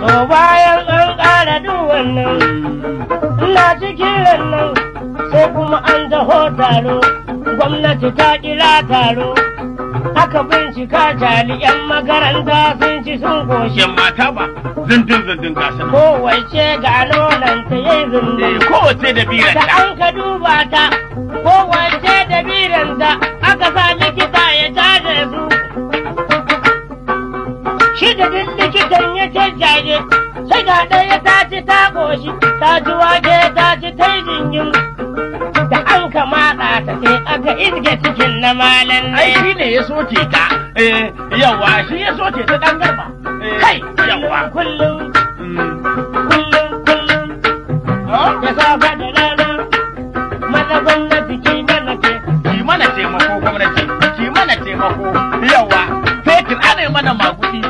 to bayan an ƙara duk wannan ina cikin wannan sai kuma an taho taro gwamnati ta kira taro aka bincika jali yan makaranta sun ci sun koshi yan mata ba zindin zindin gasa kowace ga nonanta yayi zindin eh, kowace da bira da an ka duba ta kowace shi da likitan ya jajjaye sai ga ɗaya ta ci ta ƙoshi ta ji wake ta ci ta jingin da an kamata ta sai aka inge cikin na malam ne ai shi ne ya soke ta. Eh, yawa shi ya soke ta ɗan garba eh, kai yawa kullum mm. kullum kullum ya safa da rana mana gwamnati ki mana ce ki mana taimako gwamnati ki mana taimako yawa fetur ana mana maguɗi